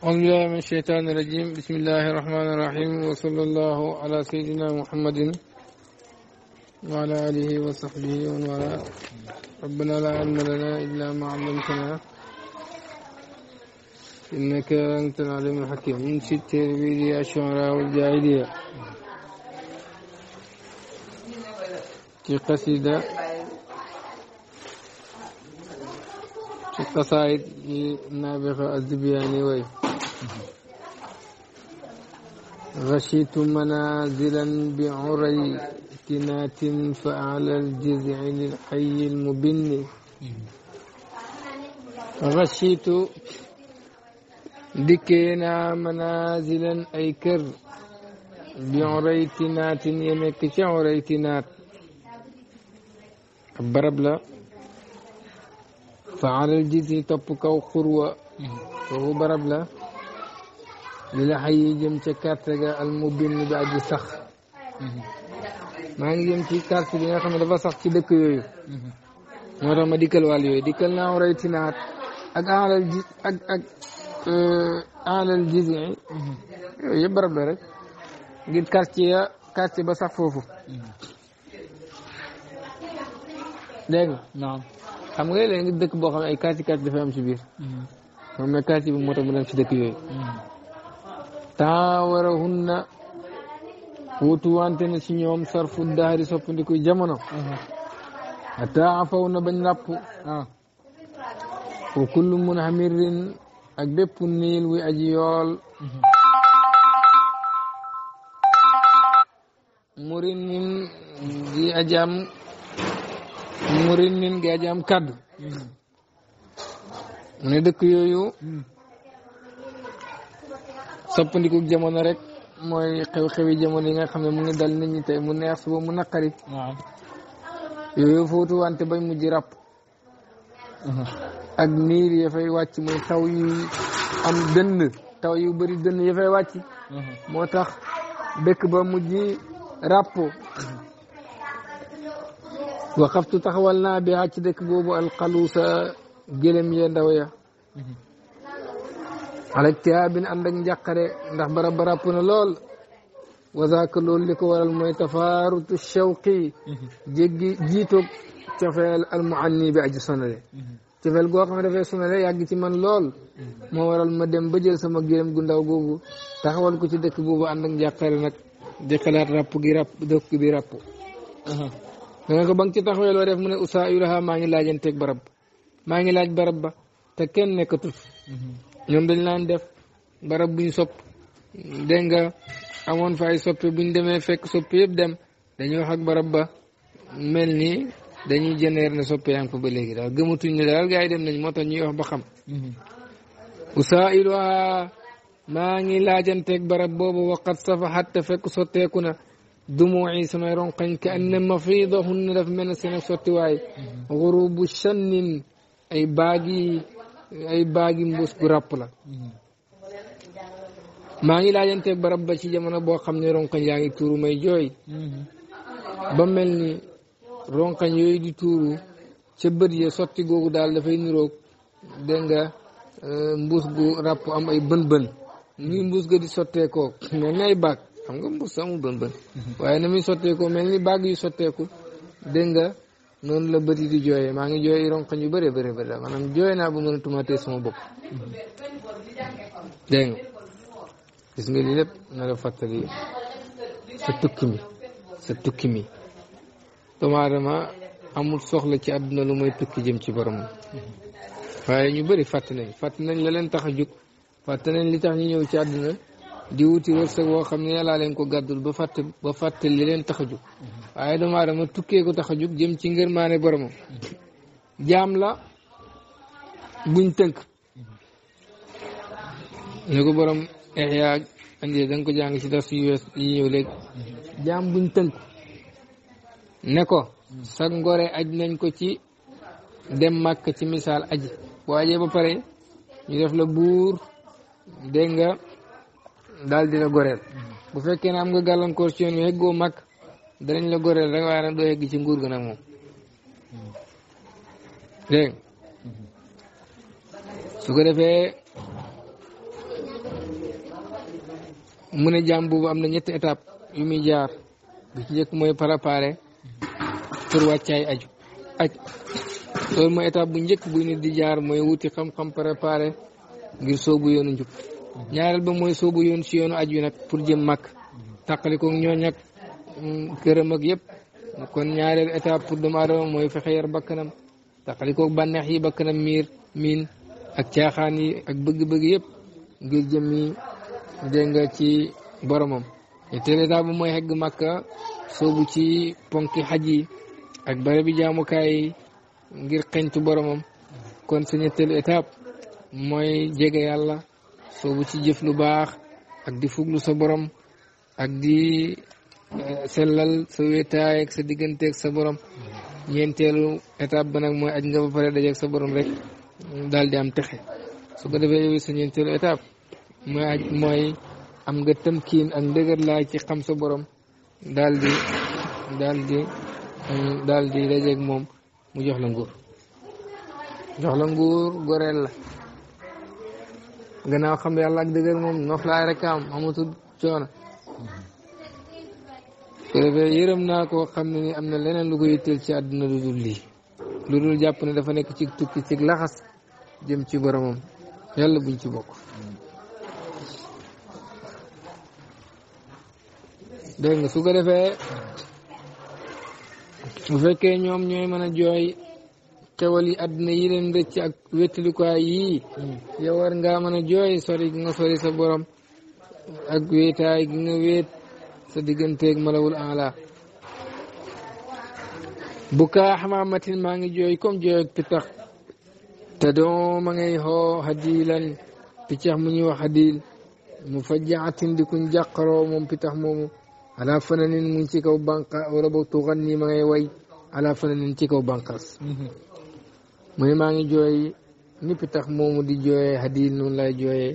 أعوذ بالله من الشيطان الرجيم بسم الله الرحمن الرحيم وصلى الله على سيدنا محمد وعلى آله وصحبه ومن والاه ربنا لا علم لنا إلا ما علمتنا إنك أنت العليم الحكيم من ست تلميذي الشعراء والجاهلية في قصيدة في قصائد لنابغة الدبياني ويه غشيت منازلا بعري تنات فأعلى الجذع للحي المبن غشيت دكينا منازلا أيكر بعري تنات يمك شعري تنات بربلا فعلى الجذع تبقى خروة وهو بربلا li la xay yi jëm ca carte ga al bi aji sax maa ngi jëm ci carte bi nga xam ne dafa sax ci dëkk moo tax ma dikkal wàll yooyu dikkal naa waray tinaat ak alal ji ak ak euh, alal jisi yooyu yëpp barab la rek ngir ba sax foofu dégg nga xam nga léegi dëkk boo xam ne ay quartier quartier dafay ci biir moom na bi moo tax mu dem ci dëkk yooyu mm-hmm. taawarahunna wutu wante na ci ñoom sarfu daari soppandiku jamono hatta mhm. afaw na bañ làpp ah wa kullu munhamirin ak bépp niil wi aji yool gi mhm. aji am murin mhm. ne dëkk yooyu soppandiku jamono rek mooy xew-xewi jamono yi nga xam ne mu ngi dal nit ñi tey mu neex suba mu naqari. waaw yooyu footu wante bañ mujj ràpp. Uh-huh. ak miir ya fay wàcc mooy taw yu am dënn taw yu bëri dënn ya fay uh-huh. moo tax dëkk ba mujj ràpp. waxaftu taxawal naa bi ci dëkk boobu alxaluusa gëlëm ya ndaw ya. Uh-huh. alak tiyaabin ànd ak njàqare ndax barab ba ràpp na lool wazaaka loolu li ko waral mooy tafaarutu shawqi mhm. jéggi jiitoog cofeel almuanni bi aji sonale mhm. cofeel goo xam ne dafay sonale yàgg ci man lool mhm. moo waral ma dem ba jël sama gërëm gu ndaw googu taxawal ko ci dëkk boobu ànd ak njàqare nag di xalaat ràpp gi ràpp dëkk bi ràpp danga ci taxawee loo def mu ne usaa lahaa maa ngi laaj laajanteeg barab maa ngi laaj barab ba te kenn nekkatut ñoom dañ laan def barab buñ sop dégg nga amoon fa ay soppi buñ demee fekk soppi yëpp dem dañuy wax ak barab ba mel ni dañuy jëneer ne soppi yaa ngi fa ba léegi daal gëmatuñ ne daal gars yi dem nañ moo tax ñuy wax ba xam mhm. usailuha maa ngi laajanteeg barab boobu waqat safahat te fekk sotteeku na dumuuci samay ronqañ ka anna mafidahunna daf mel ne seen ak sottiwaay mhm. gurubu channin ay baag ay baagi mbuus gu ràpp la maa ngi laajante barab ba ci jamono boo xam ne ronkañ yaa ngi tuuru may jooy ba mel ni ronkañ yooyu di tuuru ca bët ya sotti googu daal dafay niroog dégg nga euh, mbuus gu ràpp am ay bën bën ni mbuus ga di sotteekoo mel ni ay baag xam nga mbuus amul bën bën waaye na muy sotteekoo mel ni baag yu sotteeku dégg noonu la bëri di jooyee maa ngi jooy ronkoñ yu bëree bëri bëri la maanaam jooy naa bu mën a tumatee sama bopp dégg nga gis nga lii lépp na la fàttali sa tukki mi sa tukki mi doomu aadama amul soxla ci àdduna lu mooy tukki jëm ci borom waaye ñu bëri fàtt nañ fàtt nañ la leen tax a jóg fàtt nañ li tax ñu ñëw ci àdduna di wuti wërsëg woo xam ne yàllaa leen ko gàddul ba fàtt ba fàtt li leen tax a jóg waaye damaa aadama tukkee ko tax a jëm ci ngërmaane boromam jaam la buñ tënk ne ko borom Ihya andee ko jàng ci dars yu buñ tënk ne ko sa ngore aj nañ ko ci dem màkk ci misaal aj boo ajee ba pare ñu def la buur dégg daal di la goreel mm-hmm. bu fekkee ne am nga gàllankoor ci yoon wi heggoo mag danañ la goreel rek waaye nag doo yegg ci nguur ga nag moom mm-hmm. dégg mm-hmm. su ko defee mu ne jaam boobu am na ñetti étape yu muy jaar bi ci njëkk mooy préparer pour wàccaay aju aj loolu mooy étape bu njëkk bu nit di jaar mooy wuti xam-xam préparer ngir soobu yoonu njub ñaareel ba mooy soobu yoon si yoonu aj wi nag pour jëm màkk tàqali ko ñoo ñag këram ak yëpp kon ñaareelu étape pour doomu aadama mooy fexe yar bakkanam tàqali ko bànneex yi bakkanam miir miin ak caaxaan yi ak bëgg-bëgg yëpp ngir jëm yi nga ci boromam ñetteel étape mooy xegg màkka soobu ci ponki xaj yi ak barabi jaamukaay yi ngir xeñtu boromam kon sa ñetteelu étape mooy jege yàlla bu ci jëf lu baax ak di fuglu sa borom ak di eh, sellal sa wéetaay sa digganteeg sa borom ñeenteelu étape ba nag mooy aj nga ba pare dajeeg sa boroom rek daal di am texe su ko defee yow sa ñeenteelu étape mooy aj mooy am nga tëmkiin ak ndëgër laay ci xam sa borom daal di daal di moom mu jox la nguur jox la nguur goreel la gannaaw xam ne yàlla ak dëgër moom noflaay rek am amatul coono te defee yërëm naa koo xam ne ni am na leneen lu ko yitteel ci àdduna lu dul lii lu jàpp ne dafa nekk ci tukki ci laxas jëm ci boromam yàlla buñ ci bokk dégg defee bu fekkee ñoom ñooy mën a jooy xewal yi àddina yi leen rëcc ak wéttalikuwaay yii hmm. yow war ngaa mën a jooy sori gi nga sa borom ak wéetaay gi nga wéet sa digganteeg malawul ala bu xamaamatin maa ngi jooy kom jooy ak pitax te doo ma ngay xoo xadiilan piccax mu ñuy wax xadiil mu fajjaatin di kuñ jàqaroo moom pitax moomu ala fananin mu ngi ci kaw banqa wala boog nii ma ngay ci kaw banqaas hmm. mu maa ngi jooy ni pitax moomu di jooyee hadiin noonu lay jooye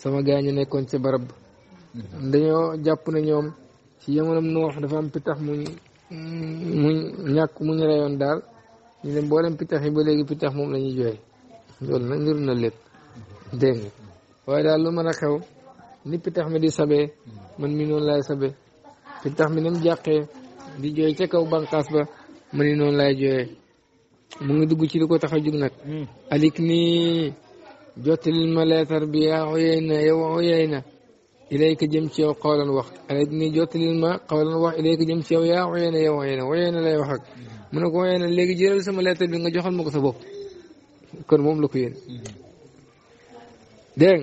sama gaa ñu nekkoon ci barab dañoo jàpp ne ñoom ci yamonam noox dafa am pitax muñ muñ ñàkk muñ reyoon daal mboolem pitax yi ba léegi pitax moom la ñuy jooy na lépp waaye daal lu man a xew ni pitax mi di sabe man mi noonu lay sabee pitax mi ni mu jàqee di jooy ca kaw bànqaas ba man ni noonu laay jooyee mu ngi dugg ci li ko tax a jug nag hmm. alik nii jottalil ma leetar bi yaa Uyayna yow Uyayna ilayka jëm ci yow xawlan wax alik nii jottalil ma xawlan wax ilayka jëm ci yow yaa Uyayna yow Uyayna Uyayna lay wax ak hmm. mu ne ko Uyayna léegi jëral sama leetar bi nga joxal ma ko sa bopp kon moom la ko yéen hmm. dégg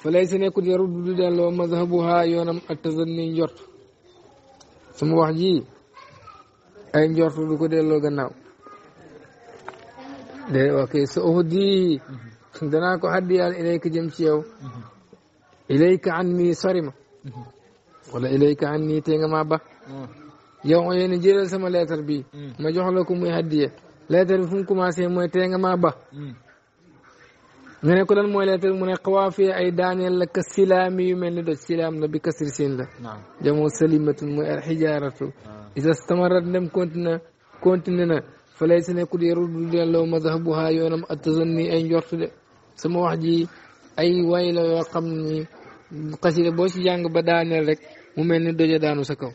fa lay sa nekkul yarut du delloo mazhabuha yoonam ak tasan ni njort sama wax ji ay njort du ko delloo gannaaw déedéet ok sa uhdi mhm. danaa ko haddiyaal ilayka jëm ci yow mhm. ilayka an nii sori ma mhm. wala ilayka an nii tee nga maa ba yow yéen sama lettre bi ma jox la ko muy haddiye lettre bi fu mu commencé mooy tee nga maa ba nga ne ko lan mooy lettre mu ne xawaafiye ay daaneel la silaami yu mel ni doj silaam la bi kasir siin la jamoo salimatun mooy al xijaaratu isa stamarat ndem continue na falay sa nekkul yaruddu delloo mazhabuha yoonam attazanni ay njort de sama wax ji ay way la yoo xam ni xasida boo ci jàng ba daaneel rek mu mel ni doje daanu sa kaw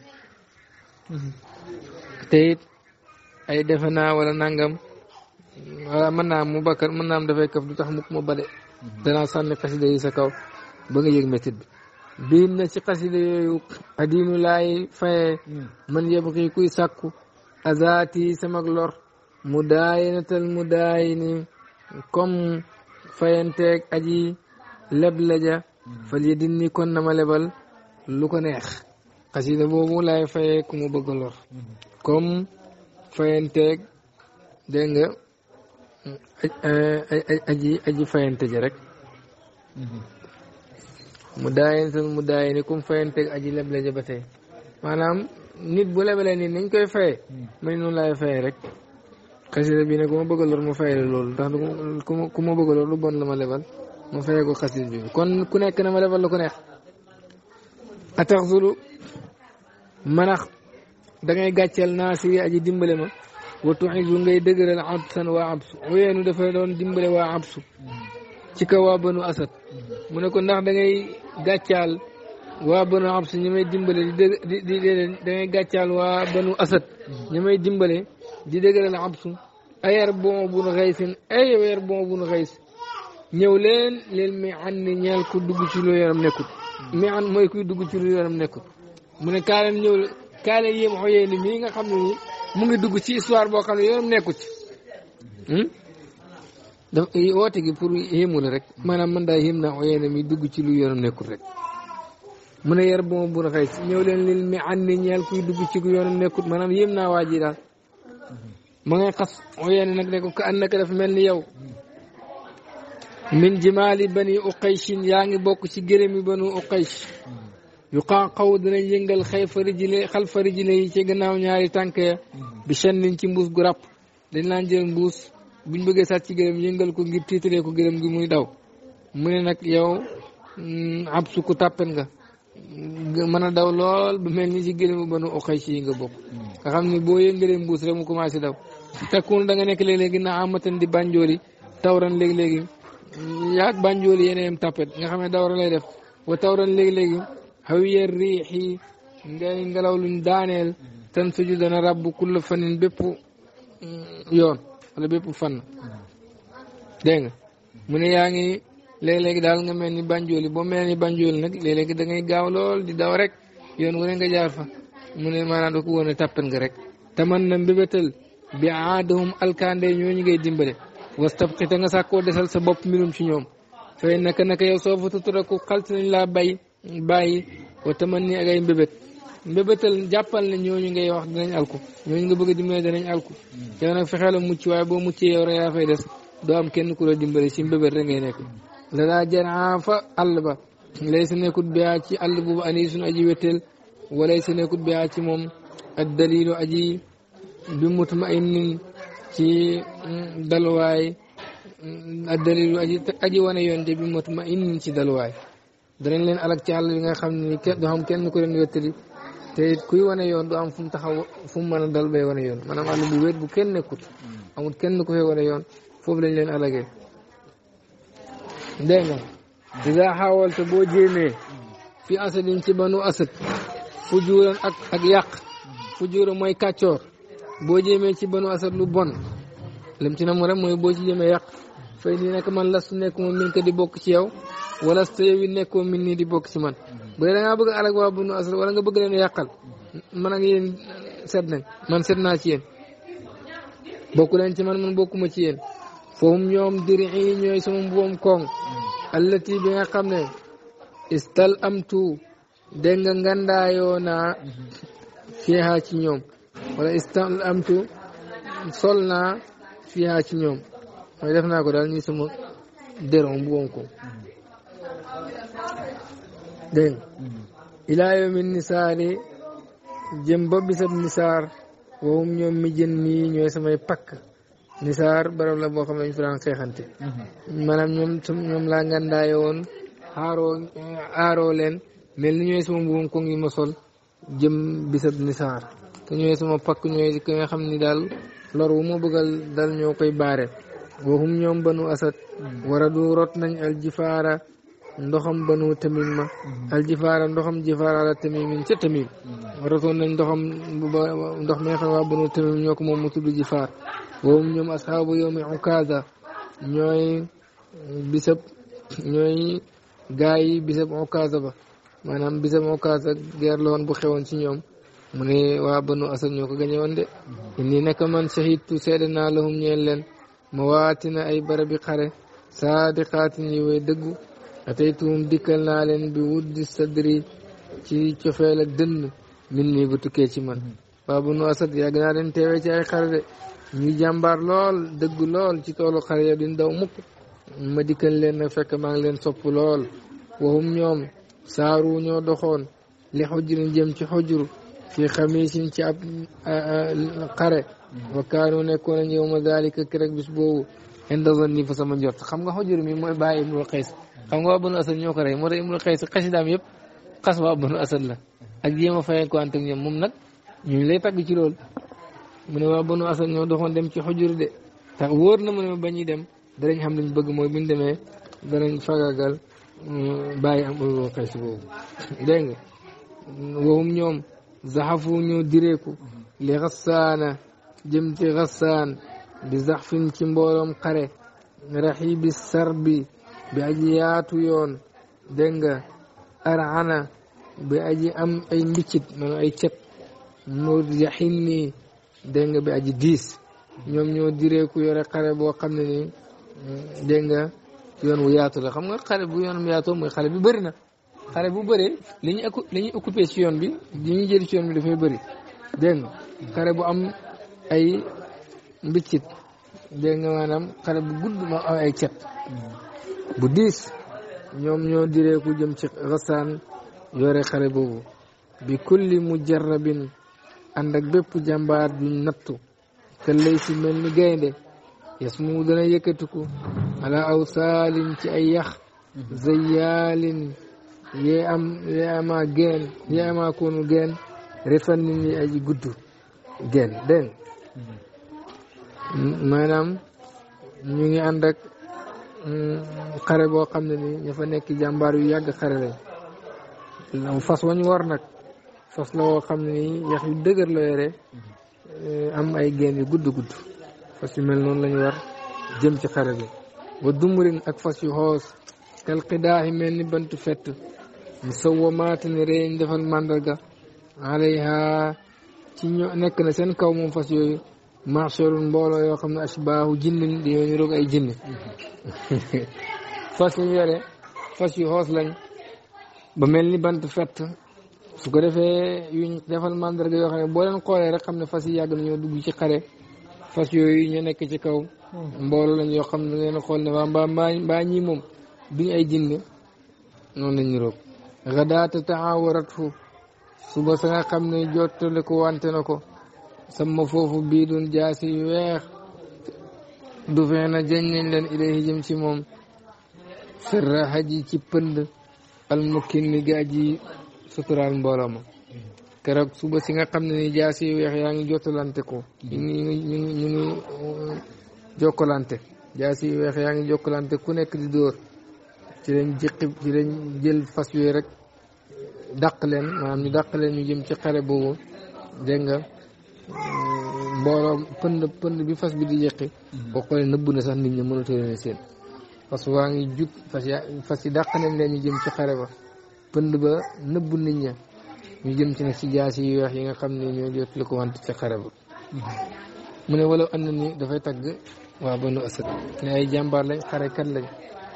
ay defe naa wala nangam wala mën naa mu bakkar mën naa am tax mukk ma bade danaa sànni xasida yi sa kaw ba nga yëg métit bi biir na ci xasida yooyu adiinu laay faye man yëb xii kuy sàkku azaati samag lor mudaayinatal mudaayini comme fayanteeg aji leb la ja fal ya dinni kon na ma lebal lu ko neex xasida boobu laay fayee ku mu bëgg a kom comme fayanteeg dégg nga aji aji fayante ji rek mudaayinatal mudaayini comme fayanteeg aji leb la ja ba tey maanaam nit bu lebalee nit nañ koy faye hmm. mu ne noonu laay faye rek xasida bi ne ma bëgg a lor mu fay loolu ndax ku ma ku ma bëgg a lor la ma lebal mu fayee ko xasida bi kon ku nekk na ma lebal la ko neex ataxsulu manax da ngay gàcceel naasiri aji dimbale ma wa tuxisu ngay dëgëral absan waa absu wéyeenu dafa doon dimbale waa absu ci kaw waa banu asad mu ne ko ndax da ngay gàccaal may dimbale di di da ngay dimbale di dëgëral absu ayer bon bun xaysin ay ayer bon bun xays ñëw leen leen mi an ni ñeel ku dugg ci lu yaram nekkut mi an mooy kuy dugg ci lu yaram mu ne kaa leen ñëw kaa leen yéem xoyee ni mii nga xam ne mu ngi dugg ci histoire boo xam ne yaram nekkut ci hmm? daf woote gi pour yéemu la rek maanaam man daa yéem naa xoyee ne mi dugg ci lu yaram nekkut rek mu ne yer bon bun xays ñëw leen leen mi an ni ñeel kuy dugg ci lu yaram nekkut maanaam yéem naa waa ji daal ma ngay xas oyee nag ne ko ka annaka daf mel ni yow min jimaali bani uqayshin yaa ngi bokk ci gërëm yi banu uqaysh yu xaaxaw dina yëngal xay fa rijile xal fa rijile yi ci gannaaw ñaari tànk bi shannin ci mbuus gu ràpp dañ laan jël mbuus buñ bëggee sàcc ci gërëm yëngal ko ngir tiitalee ko gërëm gi muy daw mu ne nag yow mm, ab su ku nga mën a daw lool bu mel ni ci gëlëmu banu oxay ci yi nga bokk nga xam ne boo yëngalee mbuus rek mu commencé daw takkuun da nga nekk léeg-léegi na amatan di banjooli tawran léegi-léegi yaag banjooli yeneen tapet nga xam ne dawra lay def wa tawran léegi-léegi xawiyar riix yi ngay ngelaw luñ daaneel tan suju dana rabb kulla fanin bépp mm, yoon wala bépp fan dégg nga mu ne yaa ngi léeg-léegi daal nga mel ni banjooli boo mel ni banjooli nag léeg-léegi da ngay gaaw lool di daw rek yoon wu ne nga jaar fa mu ne maanaam da ko woon a rek te man na mbébétal bi aadahum alkande ñooñu ngay dimbale wastabqi te nga sàkkoo desal sa bopp minum ci ñoom fay naka naka yow soo fa tuturaku xalti nañ laa bay bàyyi wa taman ni ak ay mbébét mbébétal jàppal ne ñooñu ngay wax dinañ alku ñooñu nga bëgg a dimbale danañ alku yow nag fexee mucc waaye boo muccee yow rek fay des doo kenn ku la dimbale si mbébét rek ngay nekk la daa fa àll ba lay sa nekkut bi ci àll bu ani suñu aji wéttel walay sa nekkut bi ci moom ak dalilu aji bi mutma ay nin ci mm, dalwaay mm, ak dalilu aji aji wane yoonte bi mutma ay nin ci dalwaay danañ leen alak ci àll bi nga xam ne kenn du xam kenn ku leen wéttali te kuy wane yoon du am fu mu taxaw fu mu mën a dal bay wane yoon maanaam àll bu wéet bu kenn nekkut amul kenn ku fay wane yoon foofu lañ leen alagee dégg nga dida xawalta boo jéemee fi asadin ci banu asad fujuuran ak ak yàq fujuura mooy kàccoor boo jéemee ci banu asad lu bon lim ci na mu rek mooy boo ci jéemee yàq fay nii nag man lastu nekk moom min ko di bokk ci yow wala su yow yi nekkoo min ni di bokk ci man bu dee da ngaa bëgg alag waa banu asad wala nga bëgg leen yàqal man ak yéen set nañ man set naa ci yéen bokku leen ci man man bokkuma ci yéen foofu ñoom diri ñooy sama mbuum koŋ allati bi nga xam ne istal amtu dégg nga ngandaayoo naa ci ñoom wala istal amtu sol naa fiihaa ci ñoom mooy def naa ko daal ñuy sama déron bu woon ko dégg mm-hmm. ilaa nisaari jëm ba bisab nisaar wowum ñoom mi jën nii ñooy samay pakk nisaar barab la boo xam ne dañu fi daan xeexante mhm. maanaam ñoom ñoom laa ngandaayo woon aaroo aaroo leen mel ni ñooy sama mbuum ko ngi ma sol jëm bisab nisaar te ñooy sama pakk ñooy ki nga ni daal lor wu ma bëggal dal ñoo koy baare waxum ñoom banu asad mhm. wara du rot nañ aljifaara ndoxam banu tamim ma mhm. aljifaara ndoxam jifaara la tamimin ca tamim rotoon nañ ndox mi waa banu tamim ñoo ko moom mu tudd jifaar wom ñoom ashabu yowmi onkasa ñooy bisab ñooy gaa yi bisab onkasa ba maanaam bisab onkasa guerre la woon bu xewoon ci ñoom mu ne waa banu asad ñoo ko gañe woon de inni naka man shahidtu seede naa lahum ñeel leen ma waatina ay barabi xare saadiqaatin yi way dëggu ataytuhum dikkal naa leen bi wuddi sadri ci cofeel ak dënn min nii ba tukkee ci man waa bu nu asad yàgg naa leen ci ay xare de ñuy jàmbaar lool dëgg lool ci toolu xare ya duñ daw mukk ma leen nag fekk maa ngi leen sopp lool waxum ñoom saaru ñoo doxoon li xujrin jëm ci xujur fii xamisin ci ab xare wa kaanu nekkoon nañ yow ma dalika kerek bis boobu inda zanni fa sama njort xam nga xujur mi mooy bàyyi ibnul xays xam nga waa banu asad ñoo ko rey moo tax ibnul xays xasidaam yëpp xas waa banu asad la ak jéem a fayeeko ant ak ñoom moom nag ñu ngi lay ci loolu mu ne waa banu asal ñoo doxoon dem ci xujur de tax wóor na mu ne ba ñuy dem danañ xam lañ bëgg mooy buñ demee danañ fagaagal bàyyi am ur xay si boobu dégg nga waxum ñoom zaxafu ñoo direeku li xasaana jëm ci bi zaxfin ci mbooloom xare raxi bi aji yaatu yoon dégg nga arana bi aji am ay mbiccit maanaam ay cet nuur yaxin nii dégg nga bi aji diis ñoom ñoo diree yore xare boo xam ne ni dégg nga yoon wu yaatu la xam nga xare bu yoon yaatoo mooy xare bu bari na xare bu bëree li ñuy ci yoon bi li ñuy jël ci yoon bi dafay bari dégg nga bu am ay mbiccit dégg nga maanaam xare bu gudd ma ay cet bu diis ñoom ñoo diree ku jëm ci xasaan yore xare boobu bi kulli mujarrabin ànd ak bépp jàmbaar duñ nattu këllay si mel ni gaynde yes mu dana yëkkatiku ala aw saalin ci ay yax zayaalin yee am yee ama geen yee ama koonu geen refan nit ñi aji ñu ngi ànd ak mm, xare boo xam ne ni ña fa nekk jàmbaar yu yàgg xare lañ fas wañ war fas la xam ni yax yu dëgër la yore eh, am ay geen yu gudd gudd fas yu mel noonu lañu war jëm ci xare bi wa dumurin ak fas yu xoos kal xidaaxi mel ni bantu fett mu sawwa maatin ree ñu defal màndarga alayha ci nekk na seen kaw moom fas yooyu marcherun mbooloo yoo xam ne ashbaahu jinnin dañoo ñu roog ay jinni fas fas yu xoos lañ ba mel ni bant fett su ko defee yuñ defal mandarga yoo xam ne boo leen xoolee rek xam ne fas yi yàgg nañoo dugg ci xare fas yooyu ñu nekk ci kaw mbooloo lañ yoo xam ne ngeen xool ne waa mbaa mbaa moom duñ ay jinne noonu lañ niroog xadaata taawaratu suba sa nga xam ne jottali ko wante na ko sama foofu bii doon jaasi weex du fee na jëñ nañ leen ilayhi jëm ci moom sërraxa ji ci pënd almukin ni gaa suturaal mbooloo ma keroog suba si nga xam ne ni jaas yi weex yaa ngi jottalante ko ñu ngi ñu ngi ñu ngi euh, jokkalante jaas yi weex yaa ngi jokkalante ku nekk di dóor ci lañ jëqi ci lañ jël fas yooyu rek daq leen maanaam ñu dàq leen ñu jëm ci xare boobu nga euh, mbooloo pënd pënd bi fas bi di jëqi mm-hmm. boo xoolee nëbb na sax nit ñi mënatoo leen seen fas waa ngi jug fas fas yi dàq nañ leen ñu jëm ci xare ba pënd ba nëbbu nit ña ñu jëm ci nag si jaas yu weex yi nga xam ne ñoo jot li ko wante ca xare ba mm-hmm. mu ne walaw an na ni dafay tagg waa banu asad ne ay jàmbaar lañ xarekat lañ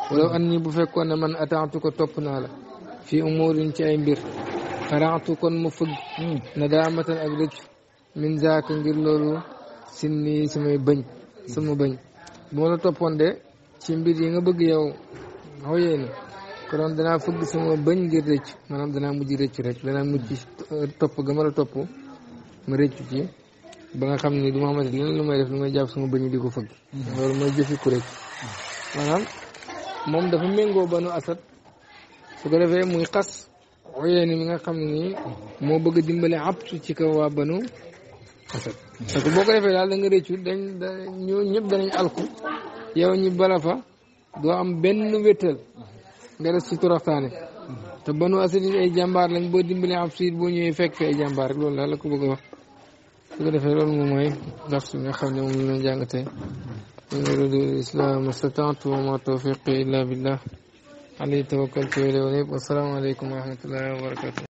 walaw an ni bu fekkoon ne man ataantu ko topp naa la fii umurin ci ay mbir xaraatu kon mu fëgg mm-hmm. na daamatan ak rëccu min zaaka ngir loolu sinni samay bañ sama bañ mm-hmm. yi nga bëgg yow xooyee na konoon danaa fëgg sama bañ ngir rëcc maanaam danaa mujj rëccu rek danaa mujj topp ga ma la topp ma rëccu ci ba nga xam ni du ma xamante leneen lu may def lu may jàpp sama bañ di ko fëgg loolu mooy jëfi ku rëcc maanaam moom dafa méngoo banu asat su ko defee muy xas oyee ni mi nga xam ni moo bëgg a dimbale abtu ci kaw waa banu asat parce que boo ko defee daal da nga rëccu dañ ñoo ñëpp danañ alku yow ñi bala doo am benn wéttal nga des ci toroxtaane te banu asad ay jàmbaar lañ boo dimbali ab siit boo ñëwee fekk fi ay jàmbaar rek loolu daal la ko bëgg a wax su ko defee loolu moom mooy dars bi nga xam ne moom la ñu jàng tey in uriidu illal islaah mastata'tu wa ma tawfiqi illa billah alayhi tawakkaltu wa ilayhi unib wassalaamu aleykum wa rahmatullahi wa barakatuh